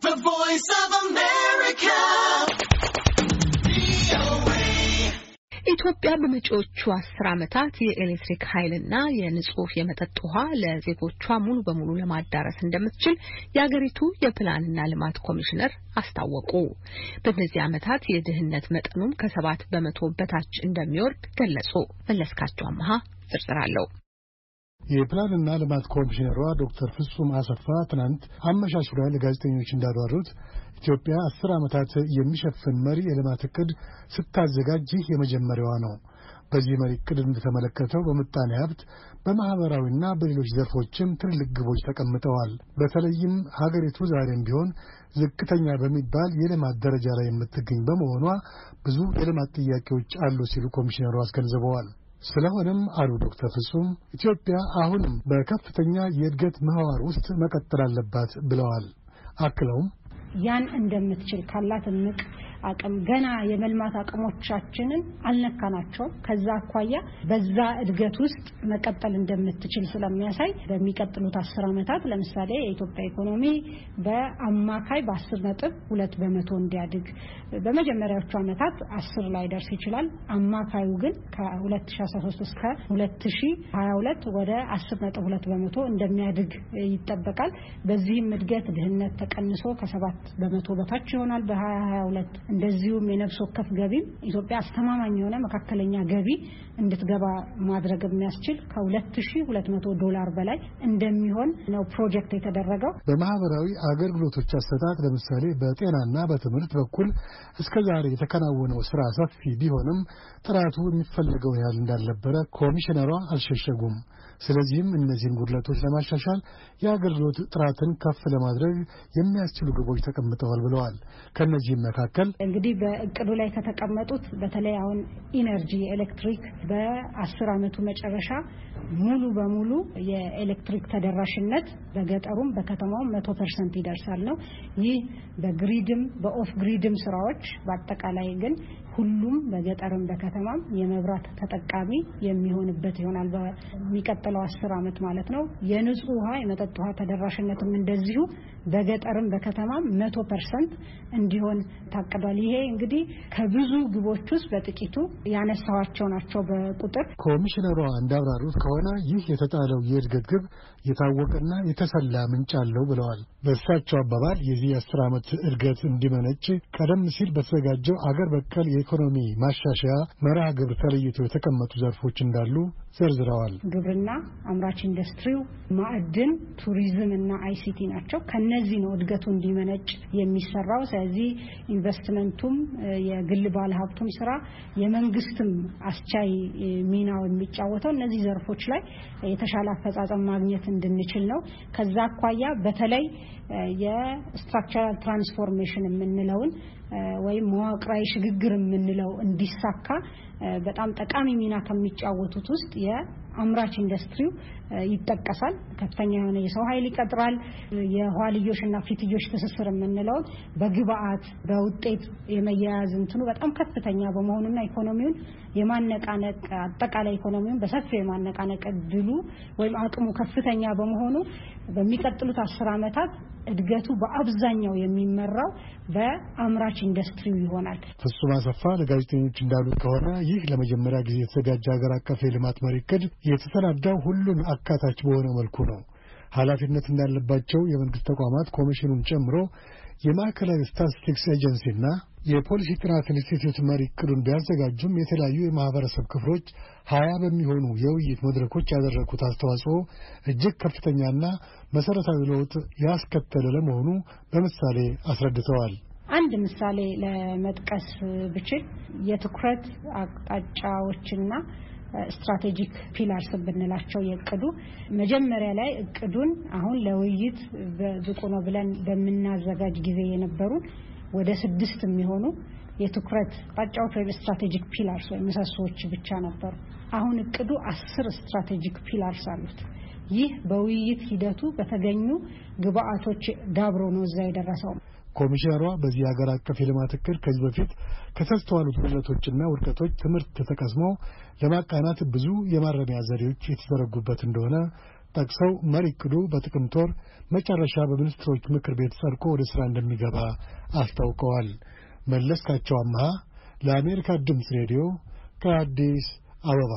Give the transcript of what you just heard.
The Voice of America. ኢትዮጵያ በመጪዎቹ አስር ዓመታት የኤሌክትሪክ ኃይልና የንጹህ የመጠጥ ውሃ ለዜጎቿ ሙሉ በሙሉ ለማዳረስ እንደምትችል የአገሪቱ የፕላንና ልማት ኮሚሽነር አስታወቁ። በእነዚህ ዓመታት የድህነት መጠኑም ከሰባት በመቶ በታች እንደሚወርድ ገለጹ። መለስካቸው አማሃ ዝርዝር አለው። የፕላንና ልማት ኮሚሽነሯ ዶክተር ፍጹም አሰፋ ትናንት አመሻሹ ላይ ለጋዜጠኞች እንዳብራሩት ኢትዮጵያ አስር ዓመታት የሚሸፍን መሪ የልማት እቅድ ስታዘጋጅ ይህ የመጀመሪያዋ ነው። በዚህ መሪ እቅድ እንደተመለከተው በምጣኔ ሀብት፣ በማኅበራዊና በሌሎች ዘርፎችም ትልልቅ ግቦች ተቀምጠዋል። በተለይም ሀገሪቱ ዛሬም ቢሆን ዝቅተኛ በሚባል የልማት ደረጃ ላይ የምትገኝ በመሆኗ ብዙ የልማት ጥያቄዎች አሉ ሲሉ ኮሚሽነሩ አስገንዝበዋል። ስለሆነም አሉ ዶክተር ፍጹም ኢትዮጵያ አሁንም በከፍተኛ የእድገት ምህዋር ውስጥ መቀጠል አለባት ብለዋል። አክለውም ያን እንደምትችል ካላት እምቅ አቅም ገና የመልማት አቅሞቻችንን አልነካናቸውም። ከዛ አኳያ በዛ እድገት ውስጥ መቀጠል እንደምትችል ስለሚያሳይ በሚቀጥሉት አስር ዓመታት ለምሳሌ የኢትዮጵያ ኢኮኖሚ በአማካይ በአስር ነጥብ ሁለት በመቶ እንዲያድግ በመጀመሪያዎቹ ዓመታት አስር ላይ ደርስ ይችላል። አማካዩ ግን ከ2013 እስከ 2022 ወደ አስር ነጥብ ሁለት በመቶ እንደሚያድግ ይጠበቃል። በዚህም እድገት ድህነት ተቀንሶ ከሰባት በመቶ በታች ይሆናል በ2022 እንደዚሁም የነፍስ ወከፍ ገቢም ኢትዮጵያ አስተማማኝ የሆነ መካከለኛ ገቢ እንድትገባ ማድረግ የሚያስችል ከ2200 ዶላር በላይ እንደሚሆን ነው ፕሮጀክት የተደረገው። በማህበራዊ አገልግሎቶች አሰጣጥ ለምሳሌ በጤናና በትምህርት በኩል እስከዛሬ የተከናወነው ስራ ሰፊ ቢሆንም ጥራቱ የሚፈለገውን ያህል እንዳልነበረ ኮሚሽነሯ አልሸሸጉም። ስለዚህም እነዚህን ጉድለቶች ለማሻሻል የአገልግሎት ጥራትን ከፍ ለማድረግ የሚያስችሉ ግቦች ተቀምጠዋል ብለዋል። ከእነዚህም መካከል እንግዲህ በእቅዱ ላይ ከተቀመጡት በተለይ አሁን ኢነርጂ ኤሌክትሪክ በአስር ዓመቱ መጨረሻ ሙሉ በሙሉ የኤሌክትሪክ ተደራሽነት በገጠሩም በከተማውም መቶ ፐርሰንት ይደርሳል ነው። ይህ በግሪድም በኦፍ ግሪድም ስራዎች በአጠቃላይ ግን ሁሉም በገጠርም በከተማም የመብራት ተጠቃሚ የሚሆንበት ይሆናል በሚቀጥለው በሚቀጥለው አስር ዓመት ማለት ነው የንጹህ ውሃ የመጠጥ ውሃ ተደራሽነትም እንደዚሁ በገጠርም በከተማም መቶ ፐርሰንት እንዲሆን ታቅዷል። ይሄ እንግዲህ ከብዙ ግቦች ውስጥ በጥቂቱ ያነሳዋቸው ናቸው። በቁጥር ኮሚሽነሯ እንዳብራሩት ከሆነ ይህ የተጣለው የእድገት ግብ የታወቀና የተሰላ ምንጭ አለው ብለዋል። በእሳቸው አባባል የዚህ የአስር ዓመት እድገት እንዲመነጭ ቀደም ሲል በተዘጋጀው አገር በቀል የኢኮኖሚ ማሻሻያ መርሃ ግብር ተለይቶ የተቀመጡ ዘርፎች እንዳሉ ዘርዝረዋል። ግብርና፣ አምራች ኢንዱስትሪው፣ ማዕድን፣ ቱሪዝም እና አይሲቲ ናቸው። ከነዚህ ነው እድገቱ እንዲመነጭ የሚሰራው። ስለዚህ ኢንቨስትመንቱም የግል ባለሀብቱም ስራ የመንግስትም አስቻይ ሚናው የሚጫወተው እነዚህ ዘርፎች ላይ የተሻለ አፈጻጸም ማግኘት እንድንችል ነው። ከዛ አኳያ በተለይ የስትራክቸራል ትራንስፎርሜሽን የምንለውን ወይም መዋቅራዊ ሽግግር የምንለው እንዲሳካ በጣም ጠቃሚ ሚና ከሚጫወቱት ውስጥ የአምራች ኢንዱስትሪው ይጠቀሳል። ከፍተኛ የሆነ የሰው ኃይል ይቀጥራል። እና ፊትዮሽ ትስስር የምንለውን በግብአት በውጤት የመያያዝ እንትኑ በጣም ከፍተኛ በመሆኑና ኢኮኖሚውን የማነቃነቅ አጠቃላይ ኢኮኖሚውን በሰፊው የማነቃነቅ እድሉ ወይም አቅሙ ከፍተኛ በመሆኑ በሚቀጥሉት አስር ዓመታት እድገቱ በአብዛኛው የሚመራው በአምራች የአምራች ኢንዱስትሪው ይሆናል። ፍጹም አሰፋ ለጋዜጠኞች እንዳሉት ከሆነ ይህ ለመጀመሪያ ጊዜ የተዘጋጀ ሀገር አቀፍ የልማት መሪ እቅድ የተሰናዳው ሁሉን አካታች በሆነ መልኩ ነው። ኃላፊነት እንዳለባቸው የመንግሥት ተቋማት ኮሚሽኑን ጨምሮ የማዕከላዊ ስታቲስቲክስ ኤጀንሲና የፖሊሲ ጥናት ኢንስቲትዩት መሪ እቅዱን ቢያዘጋጁም የተለያዩ የማህበረሰብ ክፍሎች ሀያ በሚሆኑ የውይይት መድረኮች ያደረጉት አስተዋጽኦ እጅግ ከፍተኛና መሠረታዊ ለውጥ ያስከተለ ለመሆኑ በምሳሌ አስረድተዋል። አንድ ምሳሌ ለመጥቀስ ብችል የትኩረት አቅጣጫዎችና ስትራቴጂክ ፒላርስ ብንላቸው የእቅዱ መጀመሪያ ላይ እቅዱን አሁን ለውይይት ብቁ ነው ብለን በምናዘጋጅ ጊዜ የነበሩ ወደ ስድስት የሚሆኑ የትኩረት አቅጣጫዎች ወይም ስትራቴጂክ ፒላርስ ወይም ምሰሶዎች ብቻ ነበሩ። አሁን እቅዱ አስር ስትራቴጂክ ፒላርስ አሉት። ይህ በውይይት ሂደቱ በተገኙ ግብአቶች ዳብሮ ነው እዛ የደረሰው። ኮሚሽነሯ በዚህ ሀገር አቀፍ የልማት እቅድ ከዚህ በፊት ከተስተዋሉት ጉድለቶችና ውድቀቶች ትምህርት ተቀስሞ ለማቃናት ብዙ የማረሚያ ዘዴዎች የተዘረጉበት እንደሆነ ጠቅሰው መሪ እቅዱ በጥቅምት ወር መጨረሻ በሚኒስትሮች ምክር ቤት ጸድቆ ወደ ስራ እንደሚገባ አስታውቀዋል። መለስካቸው አምሃ ለአሜሪካ ድምፅ ሬዲዮ ከአዲስ አበባ